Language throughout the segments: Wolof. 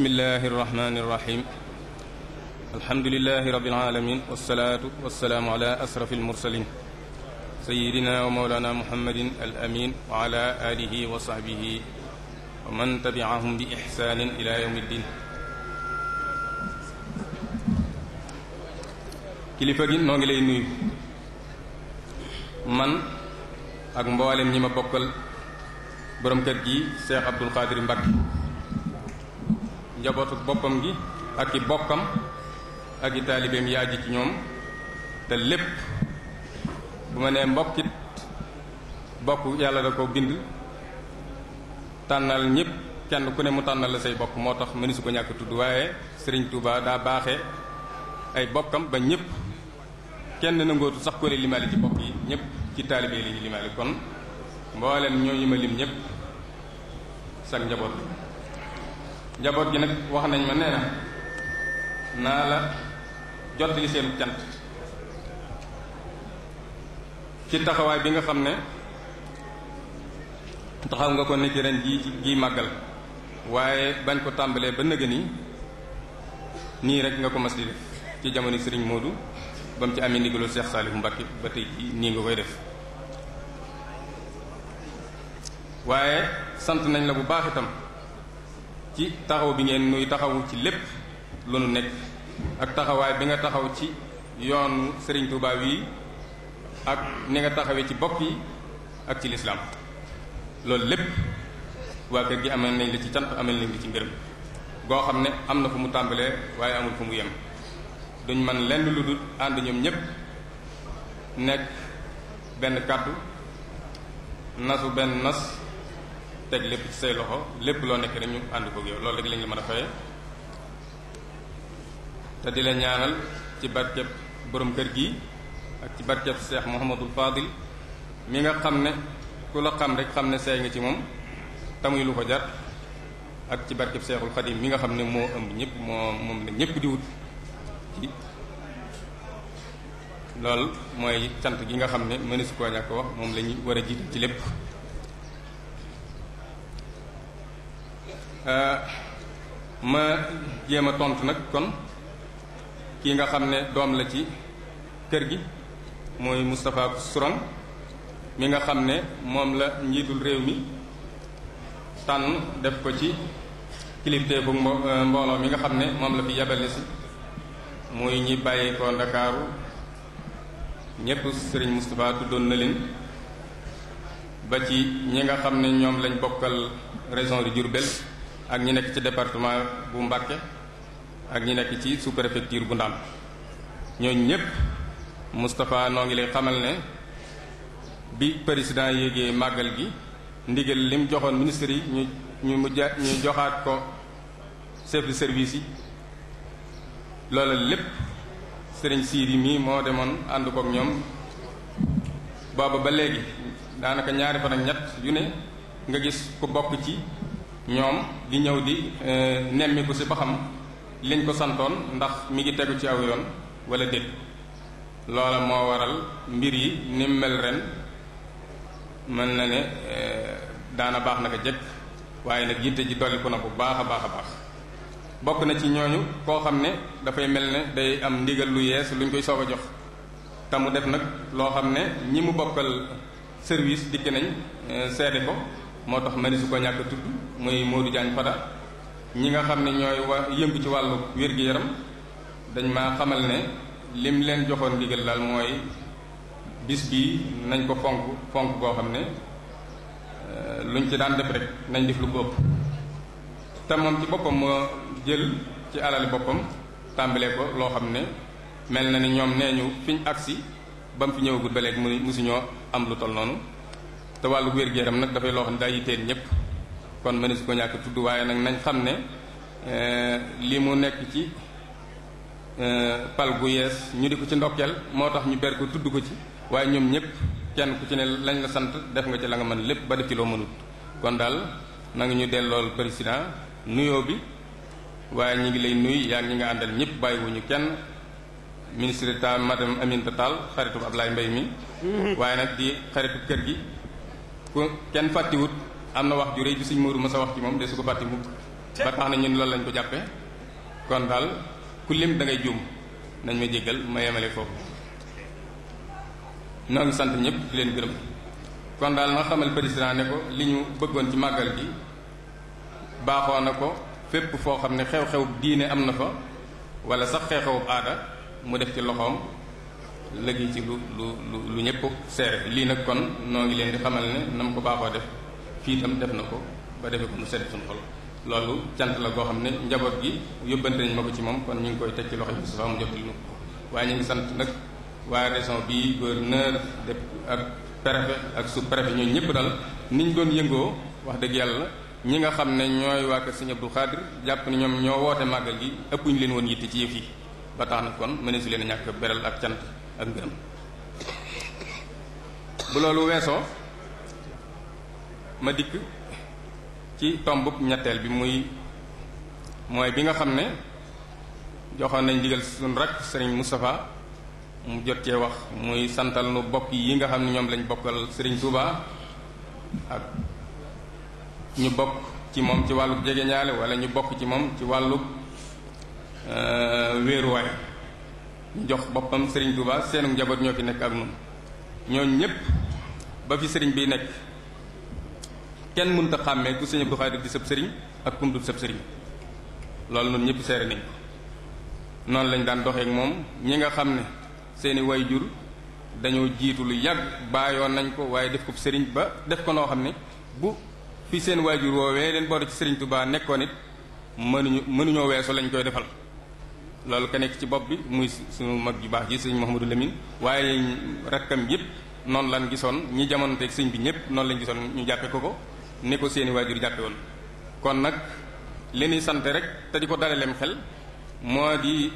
bismillahi irrahmani irrahim alhamdulilahi rabbil alamin wassalaatu wassalaamu ala asrafi almursalin sayidina wa mawlana muhammadin al amin wa ala alihi wa sahbihi wa man tabiahum bi ixsaanin ila yawmi ddin kilifa gi noo ngi lay nuyu man ak mboolem ñi ma bokkal borom kër gi Cheikh Abdul Qadir Mbacké njabootu boppam gi ak i bokkam ak i taalibeem yaaji ci ñoom te lépp bu ma nee mbokkit bokk yàlla da ko bind tànnal ñëpp kenn ku ne mu tànnal la say bokk moo tax mënu su ko ñàkk tudd waaye Serigne Touba daa baaxe ay bokkam ba ñépp kenn nangootu sax ko leen limaale ci bokk yi ñëpp ci taalibe li ñu limaale kon mboolem ñoo yi ma lim ñëpp sag njaboot njaboot gi nag wax nañ ma nee na naa la jot li seen jant ci taxawaay bi nga xam ne taxaw nga ko nekk ren ji gi màggal waaye bañ ko tàmbalee ba nëga ni nii rek nga ko mas di def ci jamono sëriñ moodu bam ci amee ndigalu Cheikh Saliou Mbacké ba tey nii nga koy def waaye sant nañ la bu baax itam ci taxaw bi ngeen nuy taxawu ci lépp lu nu nekk ak taxawaay bi nga taxaw ci yoonu sëriñ Touba wi ak ni nga taxawee ci bopp yi ak ci lislaam loolu lépp waa kër gi amal nañ la ci cant amal nañ la ci ngërëm goo xam ne am na fu mu tàmbalee waaye amul fu mu yem duñ man lenn lu dul ànd ñoom ñépp nekk benn kàddu nasu benn nas teg lépp ci say loxo lépp loo nekk rek ñu ànd ko yow loolu rek lañ la mën a fayee te di la ñaanal ci barkeb borom kër gi ak ci barkeb Cheikh Mouhamadul Fadil mi nga xam ne ku la xam rek xam ne seey nga ci moom tamuy lu ko jar ak ci barkeb Cheikhul Khadim mi nga xam ne moo ëmb ñëpp moo moom la ñëpp di wut ci loolu mooy cant gi nga xam ne mënees koo ñàkk wax moom la ñu war a jiital ci lépp. Euh, ma jéem a tontu nag kon kii nga xam ne doom la ci kër gi mooy Moustapha Sourang mi nga xam ne moom la njiitul réew mi tànn def ko ci kilifte bu euh, mbooloo mi nga xam ne moom la fi yabale si muy ñi bàyyi ko Ndakaaru ñépp sëriñ Moustapha tuddoon na leen ba ci ñi nga xam ne ñoom lañ bokkal région de Diourbel ak ñi nekk ci département bu Mbacké ak ñi nekk ci sous-préfecture bu Ndam ñooñu ñëpp Moustapha noo ngi lay xamal ne bi président yéegee màggal gi ndigal lim joxoon ministre yi ñu ñu mujjaat ñuy joxaat ko chef de service yi loola lépp sëriñ Sidi mii moo demoon ànd kook ñoom booba ba léegi daanaka ñaari fan ak ñett yu ne nga gis ku bokk ci ñoom di ñëw di euh, nemmiku si ba xam liñ ko santoon ndax mi ngi tegu ci aw yoon wala déet loola moo waral mbir yi ni mel ren mën na ne euh, daana baax naka jëkk waaye nag yitte ji dolliku na bu baax a baax a baax bokk na ci ñooñu koo xam ne dafay mel ne day am ndigal lu yees luñ koy soog a jox te mu def nag loo xam ne ñi mu bokkal service dikk nañ euh, seede ko moo tax mëni su ko ñàkk tudd muy Modou Diagne Fada ñi nga xam ne ñooy wa yëngu ci wàllu wér gi yaram dañ ma xamal ne lim leen joxoon ndigal daal mooy bis bii nañ ko fonk fonk boo xam ne lu euh, luñ ci daan def rek nañ def lu ko ëpp te moom ci boppam moo jël ci alali boppam tàmbalee ko loo xam ne mel na ni ñoom nee ñu fiñ agsi ba mu fi ñëwagul ba léegi mu ñoo am lu tol noonu te wàllu wér-gu-yaram nag dafay loo xam ne daa yitteel ñëpp kon mënees ko ñàkk tudd waaye nag nañ xam ne eh, li mu nekk ci eh, pal gu yees ñu di ko ci ndokkeel moo tax ñu ber tudd ko ci waaye ñoom ñëpp kenn ku ci ne lañ la sant def nga ci la nga mën lépp ba def ci loo mënut kon daal nanga ñu dellool président nuyoo bi waaye ñu ngi lay nuyu yaa ngi ñi nga àndal ñëpp bàyyiwuñu kenn ministre d'État madame Aminata Tall xaritu Ablaye Mbaye mi mm-hmm. waaye nag di xaritu kër gi ku kenn fàttiwut am na wax ju rëy ju suñ Moodu Musaa wax ci moom de su ko fàtte mukk ba tax na ñu loolu lañ ko jàppe kon daal ku lim dangay ngay nañ ma jéggal ma yemale foofu noo ngi sant ñëpp di leen gërëm kon daal na xamal président ne ko li ñu bëggoon ci màggal gi baaxoo na ko fépp foo xam ne xew-xew diine am na fa wala sax xew-xewu aada mu def ci loxoom léegi ci lu lu lu ñëpp seere lii nag kon noo ngi leen di xamal ne na mu ko baaxoo def fii itam def na ko ba defee ko mu sedd suñu xol loolu cant la goo xam ne njaboot gi yóbbante nañ ma ko ci moom kon ñu ngi koy teg ci loxo bi Moustapha mu jot lu ko ñu ngi sant nag waa région bi gouverneur de ak préfet ak sous préfet ñooñu ñëpp daal ni doon yëngoo wax dëgg yàlla ñi nga xam ne ñooy waa kër Sëriñ Abdou Khadir jàpp ni ñoom ñoo woote màggal gi ëpp ñu leen woon yitte ci yëf yi ba tax na kon mëneesu leen a ñàkk beral ak cant ak ngërëm bu loolu weesoo ma dikk ci tombub ñetteel bi muy mooy bi nga xam ne joxoon nañ digal suñ rak sëriñ Moustapha mu jot cee wax muy santal nu bokk yi nga xam ne ñoom lañ bokkal sëriñ Touba ak ñu bokk ci moom ci wàlluk jege ñaale wala ñu bokk ci moom ci wàlluk euh, wéeruwaay ñu jox boppam sëriñ Touba seenu njaboot ñoo fi nekk ak nun ñooñ ñépp ba fi sëriñ bi nekk kenn mënut a xàmmee ku sëñ Abdou Khadir di sëb sëriñ ak kum du sëriñ loolu noonu ñëpp seere nañ ko noonu lañ daan doxeek moom ñi nga xam ne seeni wayjur dañoo jiitu lu yàgg bàyyoon nañ ko waaye def ko sëriñ ba def ko noo xam ne bu fi seen wayjur woowee leen boole ci sëriñ baa nekkoon it mënuñu mënuñoo weesu lañ koy defal loolu ka nekk ci bopp bi muy suñu mag ju baax ji sëñ Mouhamadou Lamine waaye rakkam yëpp noonu lan gisoon ñi jamono teeg sëñ bi ñëpp noonu lañ gisoon ñu jàppe ko ko ni ko seeni waajur jàppe woon kon nag li ñuy sant rek te di ko dalaleem xel moo di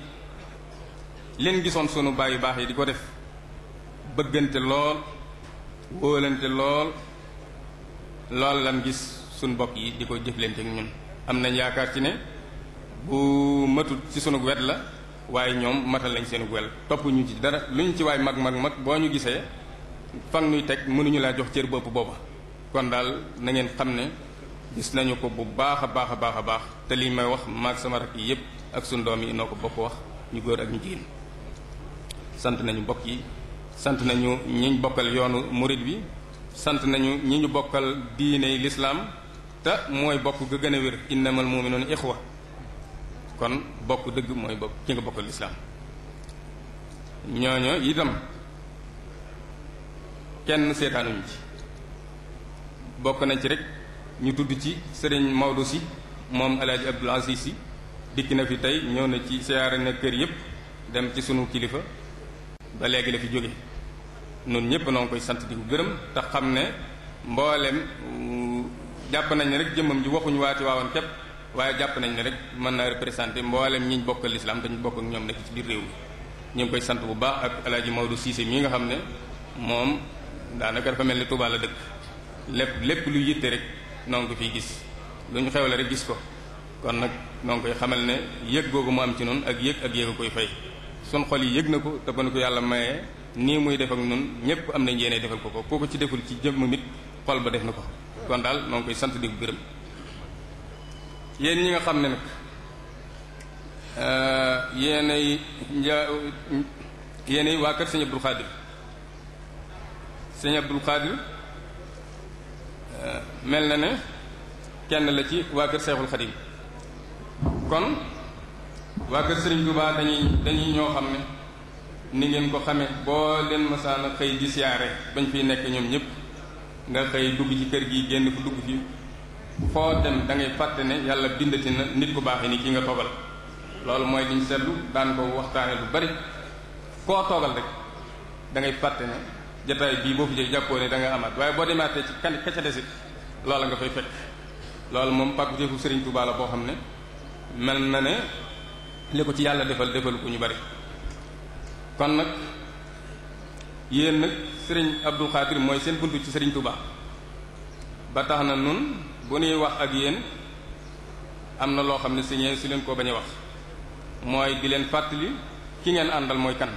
leen gisoon sunu baay yu baax yi di ko def bëggante lool wóolante lool lool lan gis sunu bopp yi di ko jëflante ak ñun am nañ yaakaar ci ne bu matut ci sunu wet la waaye ñoom matal lañ seen wel topp ñu ci dara lu ñu ci waay mag mag mag boo ñu gisee fan nuy teg mënuñu laa jox cër bopp booba kon daal nangeen xam ne gis nañu ko bu baax a baax a baax a baax te li may wax maag sama rak yi yëpp ak suñu doom yi noo ko bokk wax ñu góor ak ñu jigéen sant nañu mbokk yi sant nañu ñi ñu bokkal yoonu murit bi sant nañu ñi ñu bokkal diiney lislaam te mooy bokk ga gën a wér innamal mu'minuuna ixwa kon bokk dëgg mooy bokk ki nga bokkal lislaam ñooño itam kenn seetaanuñu ci bokk nañ ci rek ñu tudd ci sëriñ Maodo si moom El Hadj Abdoul Aziz si dikk na fi tey ñëw na ci siyaare na kër yëpp dem ci sunu kilifa ba léegi la fi jóge noonu ñëpp noo ngi koy sant di ko gërëm te xam ne mbooleem jàpp nañ ne rek jëmmam ji waxuñu waati waawan képp waaye jàpp nañ ne rek mën naa représenté mboolem ñi ñu bokkal lislaam dañu bokk ak ñoom nekk ci biir réew mi. ñu koy sant bu baax ak El Hadj Maodo Cissé mii nga xam ne moom daanaka dafa mel ni Touba la dëkk. lépp lépp luy yitte rek noo ngi ko gis lu ñu xewle rek gis ko kon nag noo ngi koy xamal ne yëg googu mu am ci noonu ak yëg ak yëg a koy fay sun xol yi yëg na ko te ba nu ko yàlla mayee nii muy def ak nun ñëpp am nañ yéene defal ko ko kooku ci deful ci jëmm mit xol ba def na ko kon daal noo ngi koy sant di ko gërëm yéen ñi nga xam ne nag euh, yéenay nja yéenay waa kër sëñ Abdul Xaadir sëñ Abdul Xaadir Euh, mel na ne kenn la ci waa kër Seexul Xadim kon waa kër Serigne Touba dañuy dañuy ñoo xam ne ni ngeen ko xamee boo leen masaana xëy di siyaare bañ fiy nekk ñoom ñëpp nga xëy dugg ci kër gi génn ko dugg ci foo dem dangay ngay fàtte ne yàlla bindati na nit ku baax ni ki nga toogal loolu mooy liñ seetlu daan ko waxtaane lu bari koo toogal rek da ngay jataay bii boo fi jógee jàppoo ne da nga amaat waaye boo demaatee ci kan ka ca desit la nga fay fekk loolu moom pàkkuteefu Sëriñ Tuubaa la boo xam ne mel na ne li ko ci yàlla defal defal ko ñu bari kon nag yéen nag sëriñ Abdou Khadir mooy seen buntu ci Sëriñ Tuubaa ba tax na nun bu nuy wax ak yéen am na loo xam ne si ñeen si leen koo bañ a wax mooy di leen fàttali ki ngeen àndal mooy kan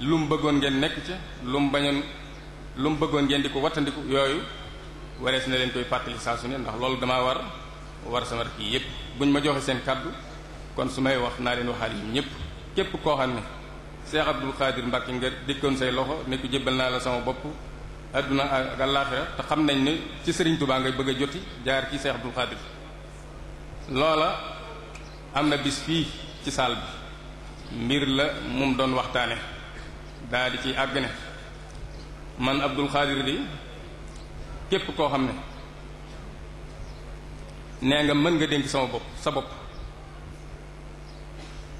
lu mu bëggoon ngeen nekk ca lu mu bañoon lu mu bëggoon ngeen di ko wattandiku yooyu waree si na leen koy fàttali saa su ne ndax loolu damaa war war sama rek yépp buñ ma joxe seen kàddu kon su may wax naa leen waxaat yi ñépp képp koo xam ne Cheikh Abdou Khadir Mbacke nga dikkoon say loxo nekku ko jébbal naa la sama bopp àdduna ak àllaaxira te xam nañ ne ci Serigne Touba ngay bëgg a joti jaar ci Cheikh Abdou Khadir loola am na bis fii ci saal bi mbir la mum doon waxtaane daa di ciy àgg ne man Abdul Xaadir di képp koo xam ne nee nga mën nga dénk sama bopp sa bopp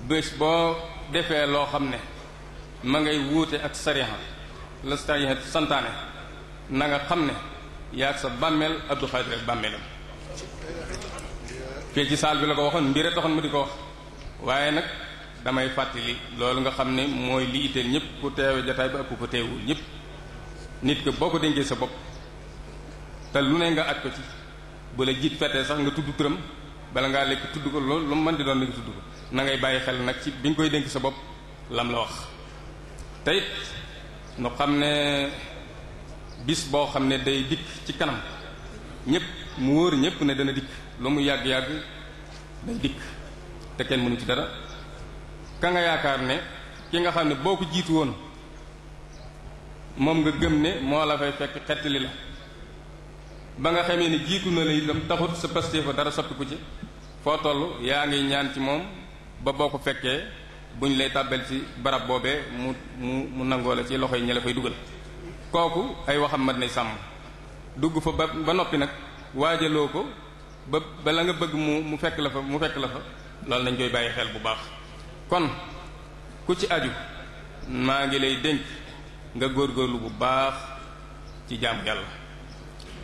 bés boo defee loo xam ne ma ngay wuute ak sariha la sariha santaane na nga xam ne yaa ak sa bàmmeel Abdul Xaadir ak bàmmeelam fii ci saal bi la ko waxoon mbir a taxoon ma di ko wax waaye nag damay fàttali loolu nga xam ne mooy li itteel ñëpp ku teewe jataay ba ak ko teewul ñëpp nit ko boo ko dénkee sa bopp te lu ne nga aj ko ci bu la jiit fetee sax nga tudd turam bala ngaa lekk tudd ko loolu lu mën di doon nga tudd ko na bàyyi xel nag ci bi nga koy dénk sa bopp lam la wax te it nu xam ne bis boo xam ne day dikk ci kanam ñëpp mu wóor ñëpp ne dana dikk lu mu yàgg-yàgg day dikk te kenn mënu ci dara ka nga yaakaar ne ki nga xam ne boo ko jiitu woon moom nga gëm ne moo la fay fekk xettali la ba nga xamee ne jiitu na la itam taxut sa pasté fa dara soppiku ci foo toll yaa ngi ñaan ci moom ba boo ko fekkee buñ lay tàbbal ci barab boobee mu mu mu nangoo la ci loxo yi ña fay dugal kooku ay waxam mat nay sàmm dugg fa ba ba noppi nag waajaloo ko ba ba la nga bëgg mu mu fekk la fa mu fekk la fa loolu nañ koy bàyyi xel bu baax kon ku ci aju maa ngi lay denc nga góor góorlu bu baax ci jaamu yàlla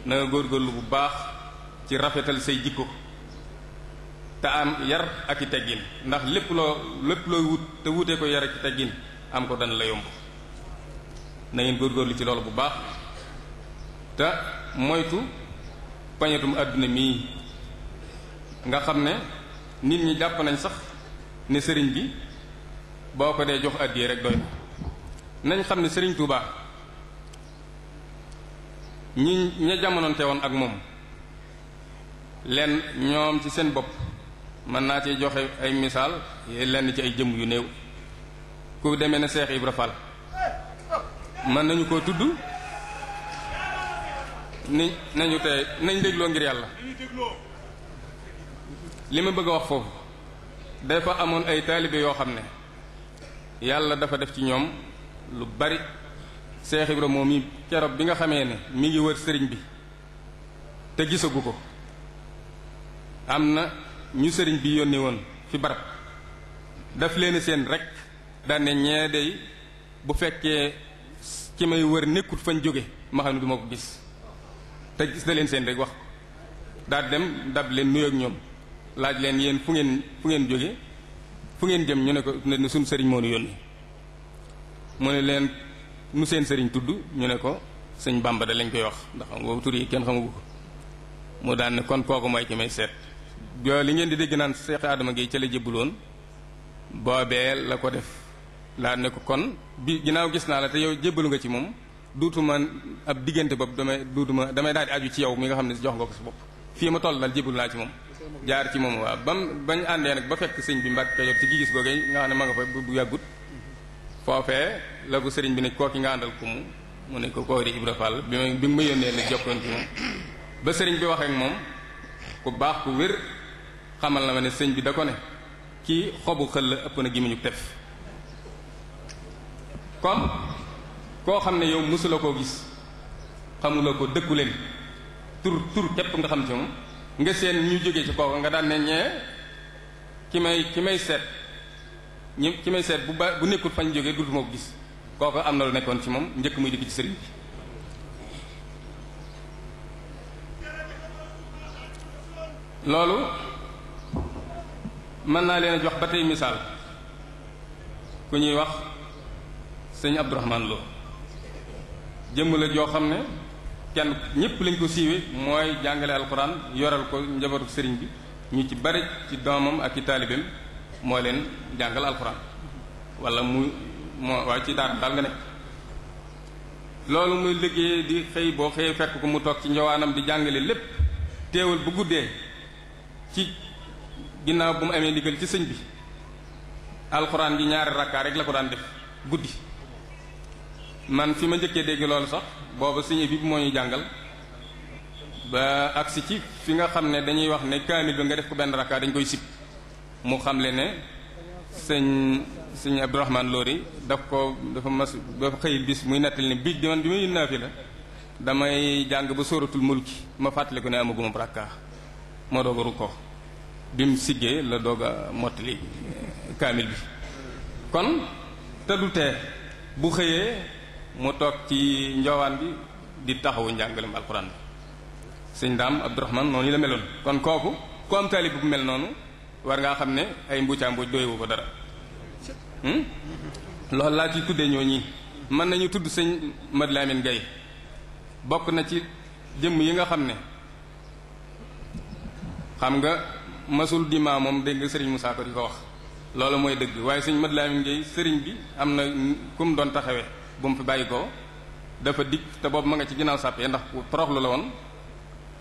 na nga góorgóorlu bu baax ci rafetal say jikko te am yar ak i teggin ndax lépp loo lépp looy wut te wutee ko yar ak i teggin am ko dana la yomb na ngeen góorgóorlu ci loolu bu baax te moytu pañetum àdduna mii nga xam ne nit ñi jàpp nañ sax ni sëriñ bi boo ko dee jox àddiyee rek doy nañ xam ne sëriñ Touba ñi ña jamonoonte woon ak moom lenn ñoom ci seen bopp mën naa ci joxe ay misaal lenn ci ay jëmm yu néew ku demee na Seex Ibra Fall mën nañu koo tudd ni nañu tey nañ dégloo ngir yàlla li ma bëgg a wax foofu dafa amoon ay taalibe yoo xam ne yàlla dafa def ci ñoom lu bari Seex Ibra moom mi keroog bi nga xamee ne mi ngi wër sëriñ bi te gisagu ko am na ñu sëriñ bi yónnee woon fi barab daf leen seen rek daan ne ñee day bu fekkee ci may wër nekkut fañ jóge ma xam ne du ma ko gis te gis na leen seen rek wax daa dem dab leen nuyoo ak ñoom laaj leen yéen fu ngeen fu ngeen jóge fu ngeen jëm ñu ne ko ne suñ sëriñ moo yoon yónni mu ne leen nu seen sëriñ tudd ñu ne ko sëñ Bàmba da lañ koy wax ndax xam nga tur yi kenn xamu ko mu daan ne kon kooku mooy ki may seet yoo li ngeen di dégg naan Seex Adama Gueye ca la jébbuloon boobee la ko def laa ne ko kon bi ginnaaw gis naa la te yow jébbalu nga ci moom duutuma ab diggante bopp damay duutuma damay daal di aju ci yow mi nga xam ne jox nga ko sa bopp fii ma toll daal jébbalu naa ci moom jaar ci moom waaw bam bañ àndee nag ba fekk sëñ bi Mbàkke Kajoor ci gis googee nga xam ne ma nga fa bu yàggut foofee la ko sëriñ bi ne kooki nga àndal ku mu mu ne ko kooki di Ibra Fall bi ma bi ma yónnee nag jokkoon ci moom ba sëriñ bi waxee ak moom ku baax ku wér xamal na ma ne sëñ bi da ko ne kii xobu xël la ëpp na gimiñu tef kon koo xam ne yow mësula koo gis xamula ko dëkku leen tur tur képp nga xam ci moom nga seen ñu jóge ci kooku nga daan ne ñee ki may ki may seet ñi ki may seet bu ba bu nekkul fañ jógee dutuma ko gis kooku am na lu nekkoon ci moom njëkk muy dikk ci sëriñ bi loolu mën naa leen a jox ba tey misaal ku ñuy wax sëñ Abdourahman Lo jëmm la joo xam ne kenn ñëpp lañ ko siiwee mooy jàngale alxuraan yoral ko njabootu sëriñ bi ñu ci bari ci doomam ak ci taalibeem moo leen jàngal alxuraan walla mu moo waaye ci daal daal nga nekk loolu muy liggéey di xëy boo xëyee fekk ko mu toog ci njawaanam di jàngale lépp teewal bu guddee ci ginnaaw bu mu amee ndigal ci sëñ bi alxuraan gi ñaari rakkaa rek la ko daan def guddi man fi ma njëkkee dégg loolu sax booba suñu bi moo ñuy jàngal ba agsi ci fi nga xam ne dañuy wax ne kaamil bi nga def ko benn rakka dañ koy sib mu xam le ne sëñ sëñ Abdourahman Lori daf ko dafa mas dafa xëy bis muy nettali ne biig di man bi muy naafi la damay jàng ba sóoratul mulki ma fàttaliku ne amaguma rakka ma doog a rukkoo bi mu siggee la doog a mottali kaamil bi kon te bu xëyee mu toog ci njoowaan bi di taxawu njàngalem alxuraan bi sëñ daam Abdourahman noonu la meloon kon kooku ku am taalib bu mel noonu war ngaa xam ne ay mbuucaa mbuuc doywu ko dara hmm? loolu laa ci tuddee ñoo ñi mën nañu tudd sëñ laa Lamin Gay bokk na ci jëmm yi nga xam ne xam nga masul dimaa moom dégg nga sëriñ Musaa ko di ko wax loolu mooy dëgg waaye sëñ Mad Lamin Gay sëriñ bi am na kum doon taxawee bu mu fi bàyyi ko dafa dig te boobu ma nga ci ginnaaw sàppe ndax ku toroxlu la woon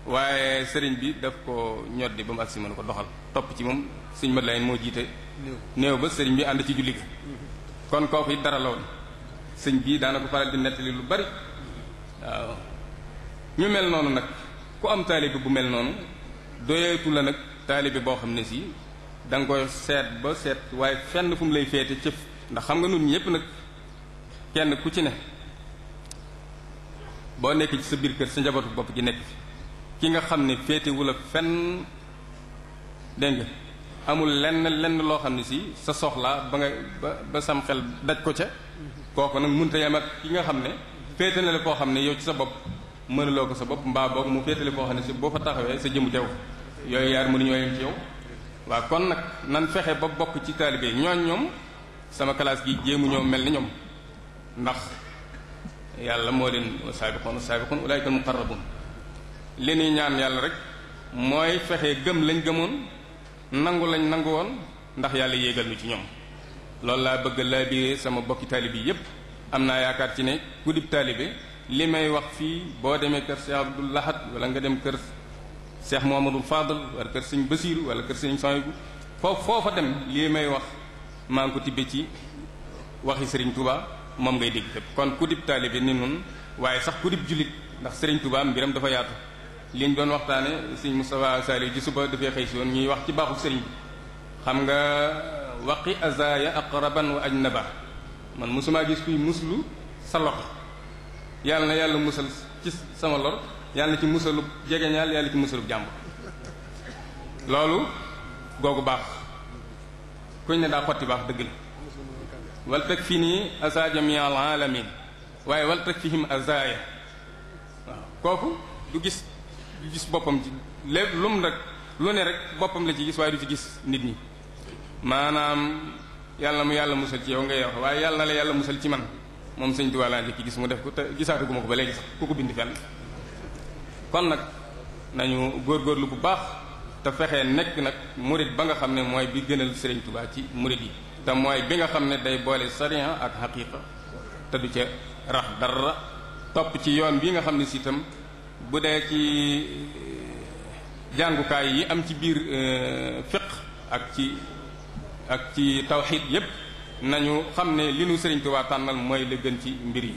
waaye sëriñ bi daf ko ñoddi ba mu agsi mën ko doxal topp ci moom sëñ mat layen moo jiite néew ba sëriñ bi ànd ci julli gi mm-hmm. kon sëñ bii daana ko faral di nettali lu bari waaw ñu mel noonu nag ku am taalibe bu mel noonu doyeetu la nag taalibe boo xam ne si da koy seet ba seet waaye fenn fu mu lay féete cëf ndax xam nga nun ñëpp nag kenn ku ci ne boo nekk ci sa biir kër sa njabootu bopp gi nekk fi ki nga xam ne féetewu la fenn dégg nga amul lenn lenn loo xam ne si sa soxlaa ba nga ba sam xel daj ko ca kooku nag mënta yem ak ki nga xam ne féete na la koo xam ne yow ci sa bopp mënuloo ko sa bopp mbaa mu féetale koo xam ne si boo fa taxawee sa jëmu teew yooyu yaar mënuñoo yem ci yow waaw kon nag nan fexe ba bokk ci taalibe ñooñ ñoom sama kalaas gi jéemu ñoo mel ni ñoom ndax yàlla moo leen saabiqoon saabiqoon ulaayika muqarrabun li ñuy ñaan yàlla rek mooy fexe gëm lañ gëmoon nangu lañ nangu woon ndax yàlla yéegal nu ci ñoom loolu laa bëgg laa sama bokki taalibe yépp am naa yaakaar ci ne guddib taalibe li may wax fii boo demee kër Cheikh Abdou Lahad wala nga dem kër Cheikh Mouhamadou Fadl wala kër Sëñ Basiiru wala kër Sëñ Soyibu foofu foofa dem lii may wax maa ngi ko tibbe ci waxi Sëriñ Tuubaa moom ngay dégg fépp kon ku dib taalibe ni nun waaye sax ku dib jullit ndax Serigne Touba mbiram dafa yaatu liñ doon waxtaane Serigne Moustapha Saliou ji suba dafay xëy si woon ñuy wax ci baaxu Serigne bi xam nga waqi azaya aqraban wa ba man mosumaa gis kuy muslu sa loxo yàlla na yàlla musal ci sama lor yàlla na ci musalu jegeñaal yàlla ci musalub jàmb loolu googu baax kuñ ne daa xotti baax dëgg la wal takfini asa jami al alamin waaye wal takfihim azaya waaw kooku du gis du gis boppam ci lépp lum rek lu ne rek boppam la ci gis waaye du ci gis nit ñi maanaam yàlla mu yàlla musal ci yow nga wax waaye yàlla na la yàlla musal ci man moom sëñ Tuubaa laa njëkk gis mu def ko te gisaatu gu ma ko ba léegi sax ku ko bind fenn kon nag nañu góorgóorlu bu baax te fexe nekk nag murit ba nga xam ne mooy bi gënal sëriñ tubaab ci murit yi te mooy bi nga xam ne day boole sariya ak xaqiiqa te du ca rax dara topp ci yoon bi nga xam ne si itam bu dee ci jàngukaay yi am ci biir euh, fiq ak ci ak ci tawxid yépp nañu xam ne li nu Sëriñ Tuubaa tànnal mooy li gën ci mbir yi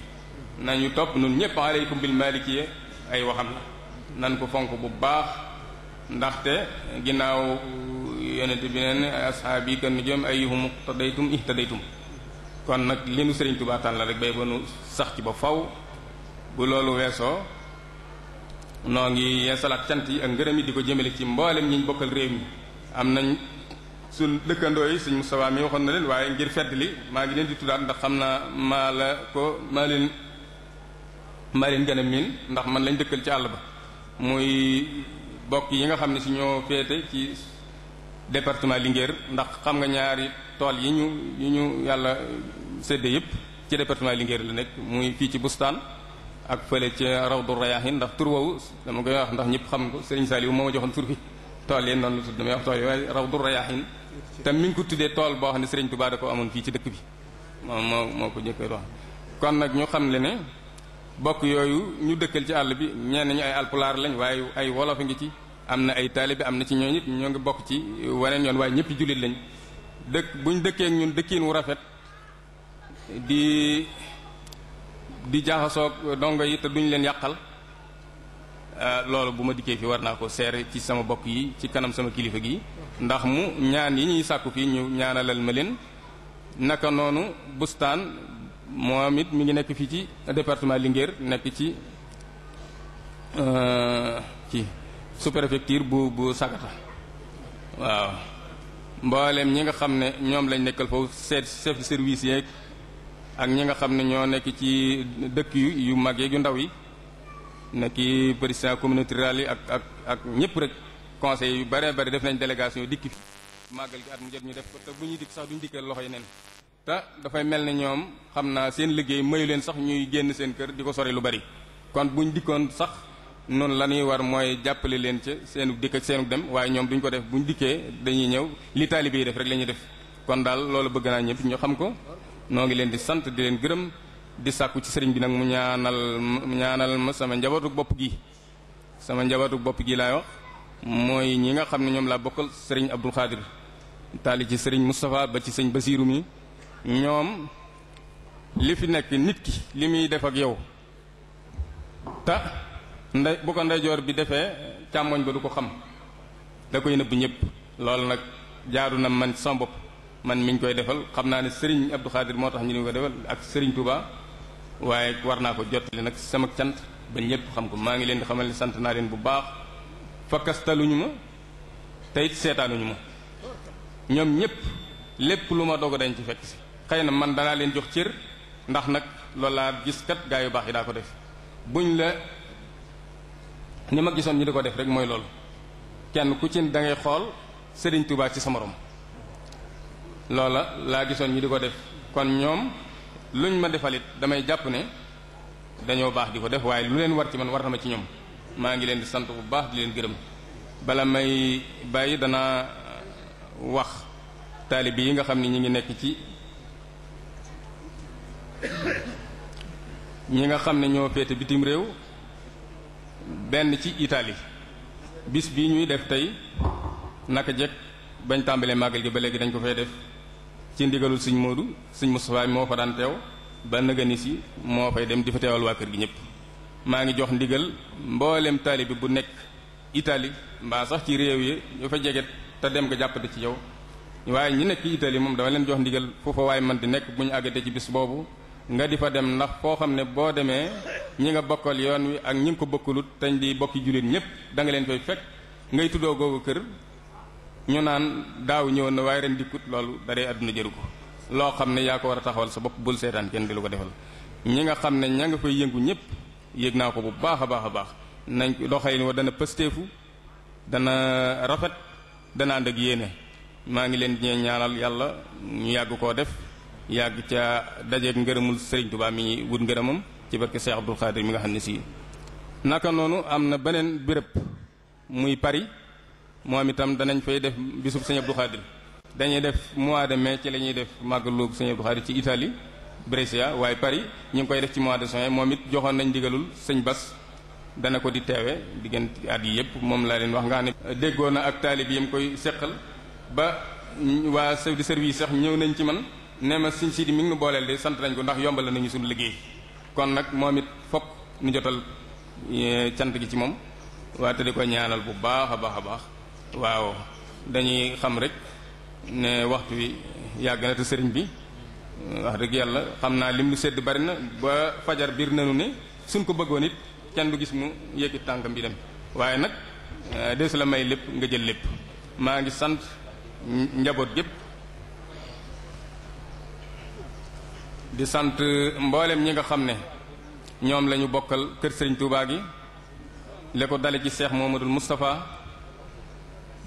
nañu topp nun ñëpp aleykum bil malikiya ay waxam la nan ko fonk bu baax ndaxte ginnaaw yonent bi nee ay asxaab yi kan jëm ayyuhum iqtadaytum ihtadaytum kon nag li nu Sëriñ Tuubaa tànn la rek bay ba nu sax ci ba faw bu loolu weesoo noo ngi yeesalaat cant yi ak ngërëm yi di ko jëmale ci mboolem ñi ñu bokkal réew mi am nañ su dëkkandoo yi suñ Moustapha mi waxoon na leen waaye ngir fedd li maa ngi leen di tuddaat ndax xam naa maa la ko maa leen maa ndax man lañ dëkkal ci àll ba muy bokk yi nga xam ne si ñoo féete ci département Linguère ndax xam nga ñaari tool yi ñu yi ñu yàlla séddee yëpp ci département Linguère la nekk muy fii ci bustaan ak fële ci Rawdu Rayaahin ndax tur woowu dama koy wax ndax ñëpp xam ko Serigne Saliou moo ma joxoon tur bi tool yi noonu la tudd damay wax tool yi waaye Rawdu Rayaahin te mi ngi ko tuddee tool boo xam ne Serigne Touba da ko amoon fii ci dëkk bi moo moo moo ko njëkk wax kon nag ñu xam le ne bokk yooyu ñu dëkkal ci àll bi ñenn ñu ay alpulaar lañ waaye ay wolof ci am na ay taalibe am na ci ñooñu ñoo ngi bokk ci waneen yoon waaye ñëpp jullit lañ dëkk buñ dëkkee ak ñun dëkkiin wu rafet di di jaaxasoo dongo yi te duñ leen yàqal ah, loolu bu ma dikkee fi war naa ko seere ci sama bokk yi ci kanam sama kilifa gi ndax mu ñaan yi ñuy sàkku fii ñu ñaanalal ma leen naka noonu bustaan moom it mi ngi nekk fii ci département Linguère nekk ci ci ah, sous-préfecture bu bu Sagata waaw mbooleem ñi nga xam ne ñoom lañ nekkal foofu seet chef de service yeeg ak ñi nga xam ne ñoo nekk ci dëkk yu yu mag yeeg yu ndaw yi nekki président communauté rurale yi ak ak ak ñëpp rek conseil yu bare bari def nañ délégation dikki fi màggal gi at mu ñu def ko te bu ñuy dikk sax duñu dikkee loxo yi nen te dafay mel ne ñoom xam naa seen liggéey mayu leen sax ñuy génn seen kër di ko sore lu bari kon buñ dikkoon sax noonu la ñuy war mooy jàppale leen ca seenu dikk ak seenu dem waaye ñoom duñ ko def buñ dikkee dañuy ñëw li taalibe yi def rek lañuy def kon daal loolu bëgg naa ñëpp ñu xam ko noo ngi leen di sant di leen gërëm di sàkku ci sëriñ bi nag mu ñaanal mu ma sama njabootu bopp gi sama njabootu bopp gi laay wax mooy ñi nga xam ne ñoom laa bokkal sëriñ Abdul Xaadir taali ci sëriñ Moustapha ba ci sëñ Basiiru mi ñoom li fi nekk nit ki li muy def ak yow ndey bu ko ndeyjoor bi defee càmmoñ ba du ko xam da koy nëbb ñëpp loolu nag jaaru na man sama bopp man mi ñu koy defal xam naa ne Serigne Abdou Khadir moo tax ñu ni ko defal ak Serigne Touba waaye war naa ko jottali nag sama cant ba ñëpp xam ko maa ngi leen di xamal ni sant naa leen bu baax fakkastaluñu ma te it seetaanuñu ma ñoom ñëpp lépp lu ma dogo dañ ci fekk si. xëy na man danaa leen jox cër ndax nag loolu laa gis kat gaa yu baax yi daa ko def buñ la. ni ma gisoon ñu di ko def rek mooy loolu kenn ku ci da ngay xool Serigne Touba ci sa morom loola laa gisoon ñu di ko def kon ñoom luñ ma defalit damay jàpp ne dañoo baax di ko def waaye lu leen war ci man war na ci ñoom maa ngi leen di sant bu baax di leen gërëm bala may bàyyi danaa wax taalibe yi nga xam ne ñi ngi nekk ci ñi nga xam ne ñoo féete bitim réew benn ci itali bis bi ñuy def tey naka jekk bañ tàmbalee màggal gi ba léegi dañ ko fay def ci ndigalul suñ Moodu suñ Moustapha moo fa daan teew ba nëgëni si moo fay dem di fa teewal waa kër gi ñëpp maa ngi jox ndigal mboolem taalibe bu nekk Italie mbaa sax ci réew yi ñu fa jege te dem nga jàppate ci yow waaye ñi nekk Italie moom dama leen jox ndigal foofa waaye man di nekk bu ñu àggatee ci bis boobu nga di fa dem ndax foo xam ne boo demee ñi nga bokkal yoon wi ak ñi nga ko bokkulut tañ di bokki jullit ñépp da nga leen koy fekk ngay tuddoo googu kër ñu naan daaw ñëwoon na waaye ren dikkut loolu daree àdduna jëru ko loo xam ne yaa ko war a taxawal sa bopp bul seetaan kenn di lu ko defal ñi nga xam ne ña nga fay yëngu ñépp yéeg naa ko bu baax a baax a baax nañ doxalin wa dana pësteefu dana rafet dana ànd ak yéene maa ngi leen di ñaanal yàlla ñu yàgg koo def yàgg ca dajeeg ngërëmul Serigne Touba mi ñuy wut ngërëmam ci barke Cheikh Abdoul Khadir mi nga xam ne sii. naka noonu am na beneen béréb muy Paris moom itam danañ fay def bisub Serigne Abdoul Khadir dañuy def mois de mai ci la ñuy def màggalu Serigne Abdoul Khadir ci itali Brescia waaye Paris ñu ngi koy def ci mois de juin moom it joxoon nañ digalul sëñ Bas. dana ko di teewe diggante at yi yëpp moom laa leen wax nga xam ne déggoo na ak taalib yi mu koy seqal ba waa chef de service sax ñëw nañ ci man ne ma suñ Sidi mi ngi nu booleel de sant nañ ko ndax yombal nañu suñu liggéey kon nag moom it fokk ñu jotal e, cant gi ci moom waaye te di ko ñaanal bu baax a baax a baax waaw dañuy xam rek ne waxtu wi yàgg na te sëriñ bi wax dëgg yàlla xam naa lim lu sedd bari na ba fajar biir nanu ne suñ ko bëggoon it kenn du gis mu yëkki tànkam bi dem waaye nag e, deesu la may lépp nga jël lépp maa ngi sant njaboot gépp di sant mboolem ñi nga xam ne ñoom lañu bokkal kër sëriñ Touba gi li ko dale ci seex Muhammadul Moustapha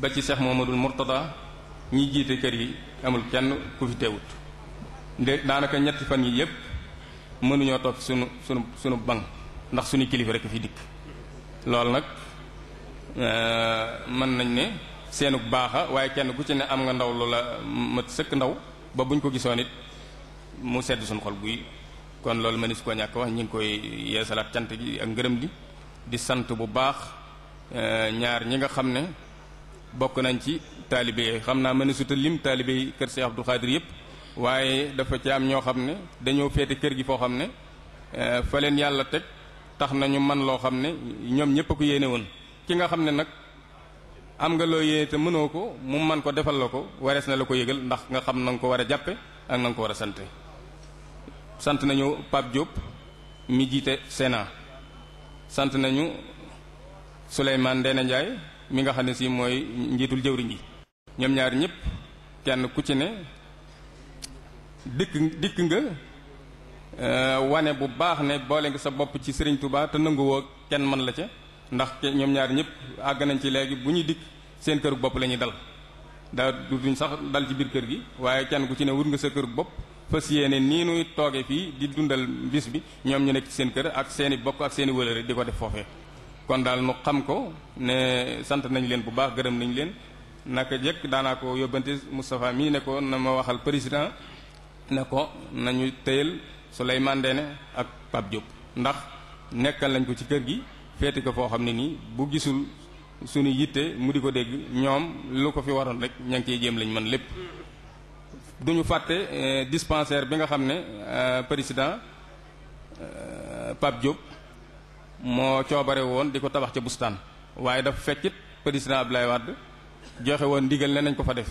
ba ci seex Muhammadul Mourtada ñi jiite kër yi amul kenn ku fi teewut ndé daanaka ñetti fan yi yépp mënuñoo toog sunu sunu sunu bank ndax suñu kilifa rekk fi dikk loolu nag euh, mën nañ ne seenug baaxa waaye kenn ku ci ne am nga ndaw la ma sëkk ndaw ba buñ ko gisoon it mu sedd suñu xol guy kon loolu ma su ko ñàkk wax ñu ngi koy yeesalaat cant gi ak ngërëm li di sant bu baax euh, ñaar ñi nga xam ne bokk nañ ci taalibe xam naa mëni suta lim taalibe yi kër Cheikh Abdou Khadir yëpp waaye dafa ci am ñoo xam ne dañoo féete kër gi foo xam ne euh, fa leen yàlla teg tax nañu ñu man loo xam ne ñoom ñëpp a ko yéene woon ki nga xam ne nag am nga loo yéene te mënoo ko mu man ko defal la ko warees na la ko yëgal ndax nga xam na nga ko war a jàppe ak na ko war a sante sant nañu Pape Diop mi jiite Sénat sant nañu Souleymane Ndéné njaay mi nga xam ne si mooy njiitul jëwriñ yi ñoom ñaar ñëpp kenn ku ci ne dikk dikk nga euh, wane bu baax ne boole nga sa bopp ci Serigne Touba te nanguwoo kenn mën la ca ndax ñoom ñaar ñëpp àgg nañ ci léegi bu ñuy dikk seen këru bopp la ñuy dal daa duñ sax dal ci biir kër gi waaye kenn ku ci ne wut nga sa këru bopp fas yéene nii nuy tooge fii di dundal bis bi ñoom ñu nekk ci seen kër ak seeni i bokk ak seen wëlëre di ko def foofee kon daal nu xam ko ne sant nañ leen bu baax gërëm nañ leen naka jëkk daanaa ko yóbbante Moustapha mii ne ko na ma waxal président ne ko nañu tëyal Souleymane ne ak Pape Diop ndax nekkal nañ ko ci kër gi féete ko foo xam ne nii bu gisul suñu yitte mu di ko dégg ñoom lu ko fi waroon rek ña ngi koy jéem lañ mën lépp duñu ñu fàtte euh, dispensaire bi nga xam ne euh, président euh, Pape Diop moo coobare woon di ko tabax ca bustaan waaye dafa fekkit président lay Wade joxe woon ndigal ne nañ ko fa def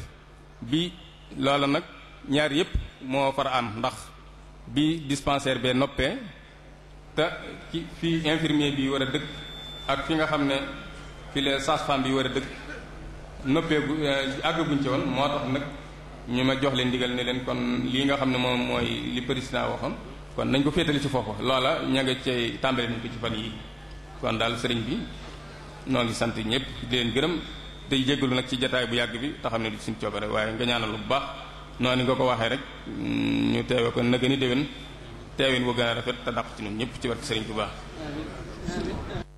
bi loola nag ñaar yëpp moo far am ndax bi dispensaire bee noppee te ci fii infirmier bi war a dëkk ak fi nga xam ne fi les sages-femmes bi war a dëkk noppee gu àggaguñ ci woon moo tax nag ñu ma jox leen ndigal ne leen kon lii nga xam ne moom mooy li président waxoon kon nañ ko féetale ci foofu loola ña nga cay tàmbali nañ ko ci fan yi kon daal sëriñ bi noonu ngi sant ñëpp leen gërëm tey lu nag ci jataay bu yàgg bi te xam ne du suñ coobare waaye nga ñaanal bu baax noonu nga ko waxee rek mm, ñu teewe ko nag gën a déwén teewin bu gën a rafet te dàq ci ñun ñëpp ci barke sëriñ bu baax